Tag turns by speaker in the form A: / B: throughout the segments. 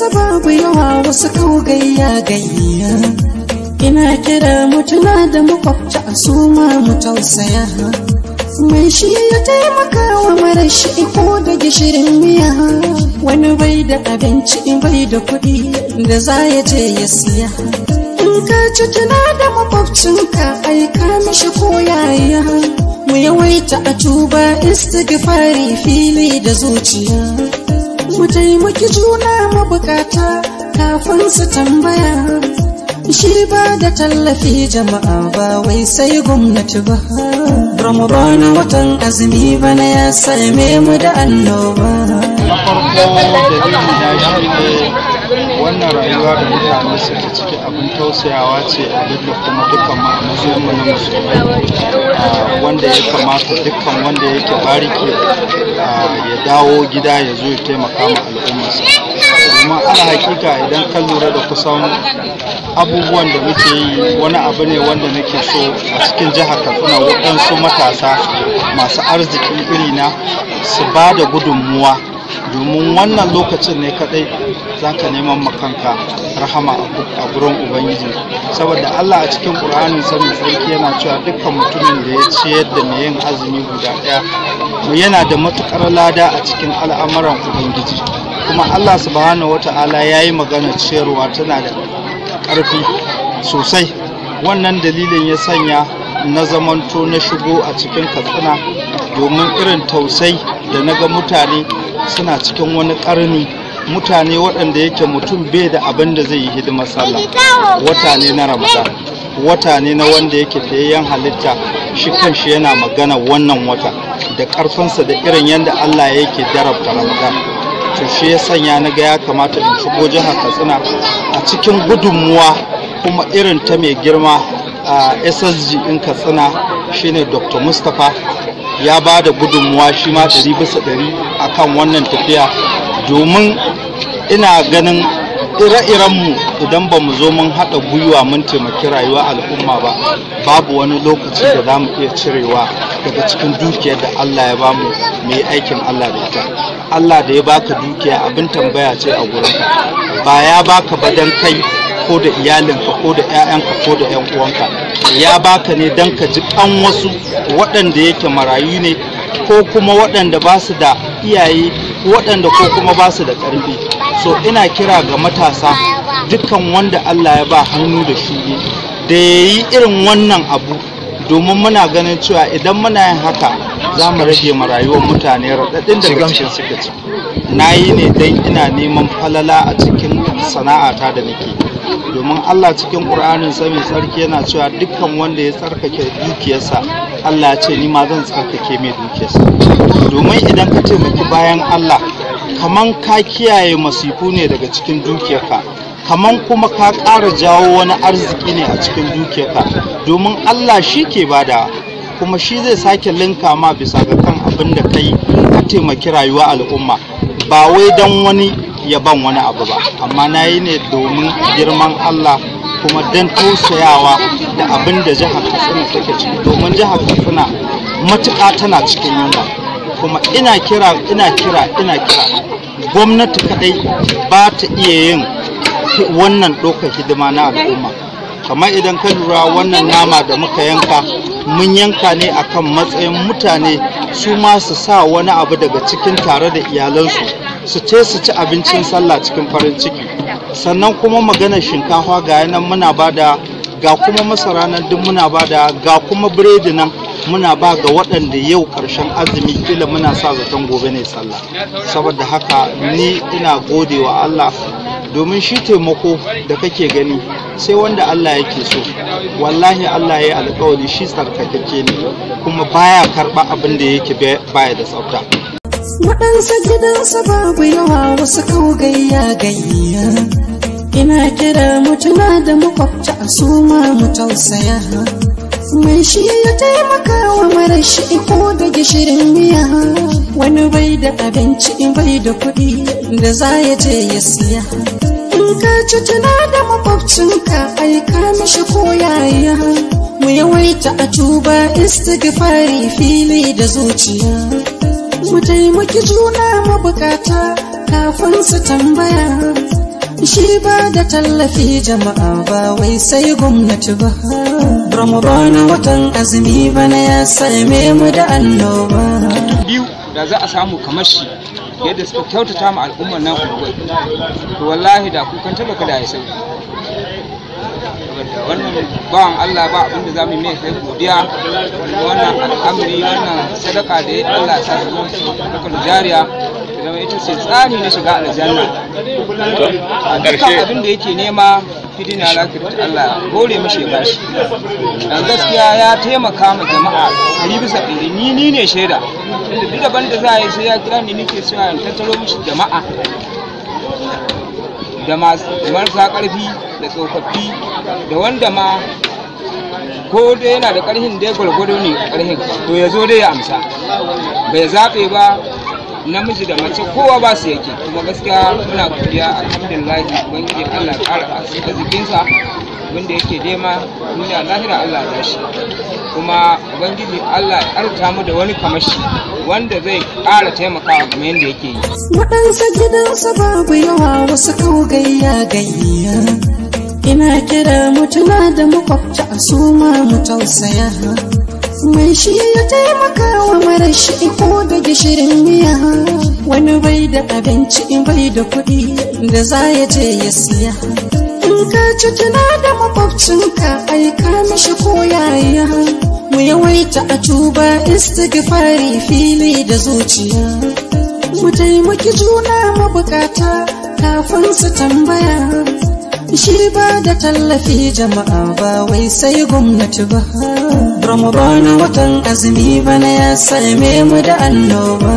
A: wasu babu yawa wasu kaugayya gayya ina kira mutuna da makwabta a suma mu tausaya mai shi ya taimaka wa mara shi ko da gishirin miya wani bai da abinci bai da kuɗi da za ya je ya siya in ka ci tuna da makwabcinka aika mishi ko yaya mu yawaita a tuba istighfari fili da zuciya mu taimaki juna mabukata kafin su tambaya shi ba da tallafi jama'a ba wai sai gwamnati ba ramadana watan azumi bana ya same mu da annoba
B: wannan rayuwa da mutane suke ciki abin tausayawa ce a yadda kuma dukkan mu na musulmai ah, wanda ya kamata dukkan wanda yake bariki ah, ya dawo gida ya zo ya taimaka ma al'ummarsa domin ala hakika idan ka lura da kusan abubuwan da muke yi wani abu ne wanda nake so a cikin jihar katsina waɗansu matasa masu arziki iri na su ba da gudunmuwa domin wannan lokacin ne kadai za ka neman makanka rahama a gurin ubangiji saboda allah a cikin ƙur'anin sami sarki yana cewa dukkan mutumin da ya ciyar da mai yin azumi guda ɗaya yana da matuƙar lada a cikin al'amuran ubangiji kuma allah subhanahu wata'ala ya yi magana ciyarwa tana da ƙarfi sosai wannan dalilin ya sanya na zamanto na shigo a cikin katsina domin irin tausai da na ga mutane suna cikin wani ƙarni mutane waɗanda yake mutum bai da abin da zai yi hidimar sallah wata ne na ramadan wata ne na wanda yake fayayyen halitta shi kanshi yana magana wannan wata da ƙarfinsa da irin yadda allah yake darabta ramadan to shi ya sanya na ga ya kamata in shigo jihar katsina a cikin gudunmuwa kuma irin ta mai girma a ssg in katsina shine dr mustapha ya ba da gudunmuwa shi ma ɗari bisa ɗari a kan wannan tafiya domin ina ganin ire-irenmu idan ba mu zo mun haɗa gwiwa mun taimaki rayuwa al'umma ba babu wani lokaci da za mu iya cirewa daga cikin dukiyar da allah ya bamu mai aikin allah da ita allah da ya baka dukiya abin tambaya ce a gurinka ba ya baka ba don kai ko da iyalinka ko da 'ya'yanka ko da 'yan uwanka ya baka ne don ka ji an wasu waɗanda yake marayu ne ko kuma waɗanda ba su da iyaye waɗanda ko kuma ba su da ƙarfi so ina kira ga matasa dukkan wanda allah ya ba hannu da shi da ya yi irin wannan abu domin muna ganin cewa idan muna yin haka za mu rage marayuwar mutane raɗaɗin da gamshin suka ci na yi ne don ina neman falala a cikin sana'ata da nake domin Allah cikin ƙur'anin sa mai sarki yana cewa dukkan wanda ya tsarkake dukiyarsa Allah ya ce ni ma zan tsarkake mai dukiyarsa domin idan ka taimaki bayan Allah kaman ka kiyaye masifu ne daga cikin dukiyarka kaman kuma ka ƙara jawo wani arziki ne a cikin dukiyarka domin Allah shi ke bada kuma shi zai sake linka ma bisa ga kan abin da ka yi ka taimaki rayuwa al'umma ba wai don wani iya ban wani abu ba amma na yi ne domin girman allah kuma don tausayawa da abin da jihar katsina take ciki domin jihar katsina matuƙa tana cikin yunwa kuma ina kira ina kira ina kira gwamnati kadai ba ta iya yin wannan ɗaukar hidima na al'umma kamar idan ka lura wannan nama da muka yanka mun yanka ne akan matsayin mutane su ma su sa wani abu daga cikin tare da iyalansu su ce su ci abincin sallah cikin farin ciki sannan kuma maganar shinkafa ga nan muna bada ga kuma masara nan duk muna bada ga kuma biredi nan muna ba ga waɗanda yau ƙarshen azumi kila muna sa zaton gobe ne sallah saboda haka ni ina gode wa Allah domin shi taimako da kake gani sai wanda Allah yake so wallahi Allah ya yi alƙawari, shi tsarkakake ne kuma baya karɓa abin da yake baya da tsafta
A: waɗansa gidansa babu yawa wasu kaugayya gayya ina kira mutuna da makwabta a suma mu tausaya mai shi ya taimaka wa mara shi ko da gishirin miya wani bai da abinci bai da kuɗi da za ya je ya siya in ka ci tuna da makwabcinka aika mishi ko yaya mu yawaita a tuba istighfari fili da zuciya mu taimaki juna mabukata kafin su tambaya shi ba da tallafi jama'a ba wai sai gwamnati ba Ramadana watan azumi bana ya same mu da annoba.
C: Biyu da za a samu kamar shi yadda suka kyautata mu al'ummar nan kuwa. To wallahi da kukan talaka da ya sauki. wannan bawan Allah ba abinda za mu mai sai godiya wannan al'amari wannan sadaka da ya Allah sa su jariya zama ita ce tsari na shiga aljanna a dukkan abin da yake nema fidina ta Allah gore mashi ya bashi dan gaskiya ya taimaka ma jama'a ɗari bisa ɗari ni ni ne shaida inda duk daban da za a yi sai ya kira ni nake so in tattaro mishi jama'a da masu marasa ƙarfi da tsofaffi da wanda ma ko dai yana da ƙarhin dai gwargwado ne ƙarhin to ya zo dai ya amsa bai zaɓe ba namiji da mace kowa ba su yake kuma gaskiya muna godiya alhamdulillahi bangi Allah ƙara arzikinsa wanda yake dema duniya lahira Allah ya shi kuma ubangiji Allah ya arta mu da wani kamashi wanda zai ƙara taimakawa kamar yadda yake yi
A: Waɗansa gidansa babu yawa wasu kaugayya gayya ina kira mutuna da makwabta a suma mu tausaya mai shi ya taimaka wa mara shi ko da gishirin miya wani bai da abinci bai da kuɗi da za ya je ya siya in ka ci tuna da makwabcinka aika mishi ko yaya mu yawaita a tuba istighfari fili da zuciya mu taimaki juna mabukata kafin su tambaya Shi ba da tallafi jama'a ba wai sai gwamnati ba. Ramadana watan azumi bana ya same mu da annoba.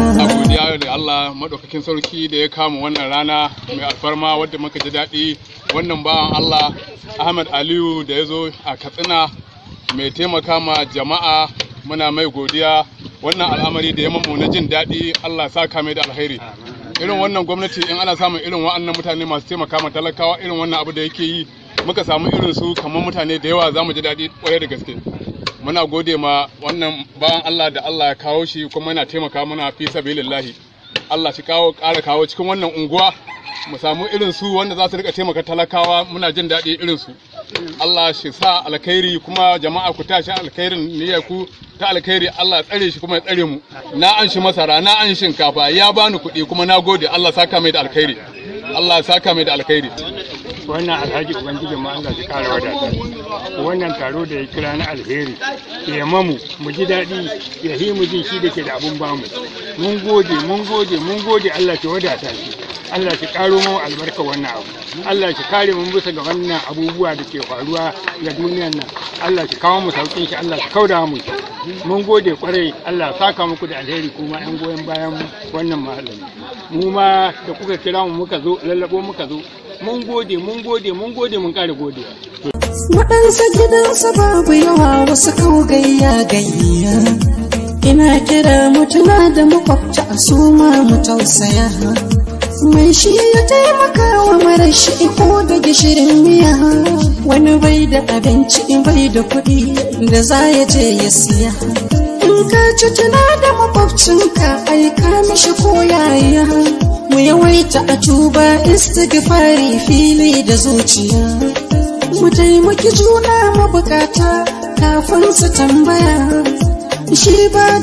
A: da Allah maɗaukakin sarki da
B: ya kama wannan rana mai alfarma wadda muka ji daɗi wannan bawan Allah Ahmad Aliyu da ya zo a Katsina mai taimaka ma jama'a muna mai godiya wannan al'amari da ya mamu na jin daɗi Allah sa kame da alheri. irin mm. wannan gwamnati in ana samun irin wa'annan mutane masu taimaka ma talakawa irin wannan abu da yake yi muka samu irin su kamar mutane da yawa za mu ji daɗi ƙwarai da gaske muna gode ma wannan bawan Allah da Allah ya kawo shi kuma yana taimaka mana fi sabilillahi Allah shi kawo ƙara kawo cikin wannan unguwa mu samu irin su wanda za su riƙa taimaka talakawa muna jin daɗi irin su Allah shi sa alkhairi kuma jama'a ku tashi alkhairin niyyar ku ta alkhairi Allah tsare shi kuma ya tsare mu na an shi masara na an shinkafa ya bani kuɗi kuma na gode Allah saka mai da alkhairi Allah saka mai
C: da alkhairi wannan alhaji ubangijin ma Allah shi kara wadatar wannan taro da ya kira na alheri ya mamu mu ji daɗi ya himu mu ji shi da ke da abun bamu mun gode mun gode mun gode Allah ya wadata shi Allah shi karo mu albarka wannan abu Allah shi kare mu bisa ga wannan abubuwa da ke faruwa ga duniyar nan Allah shi kawo mu sauƙin shi Allah shi kauda mu mun gode kwarai Allah saka muku da alheri kuma ɗan goyon bayan wannan mahallin mu ma da kuka kira mu muka zo lallabo muka zo mun gode mun gode mun gode mun kare gode
A: waɗansa gidansa babu yawa wasu kaugayya gayya ina kira mutuna da makwabta a suma mu tausaya mai shi ya taimaka wa mara shi ko da gishirin miya wani bai da abinci bai da kuɗi da za ya je ya siya in ka ci tuna da makwabcinka aika mishi ko yaya mu yawaita a tuba istighfari fili da zuciya mu taimaki juna mabukata kafin su tambaya shi ba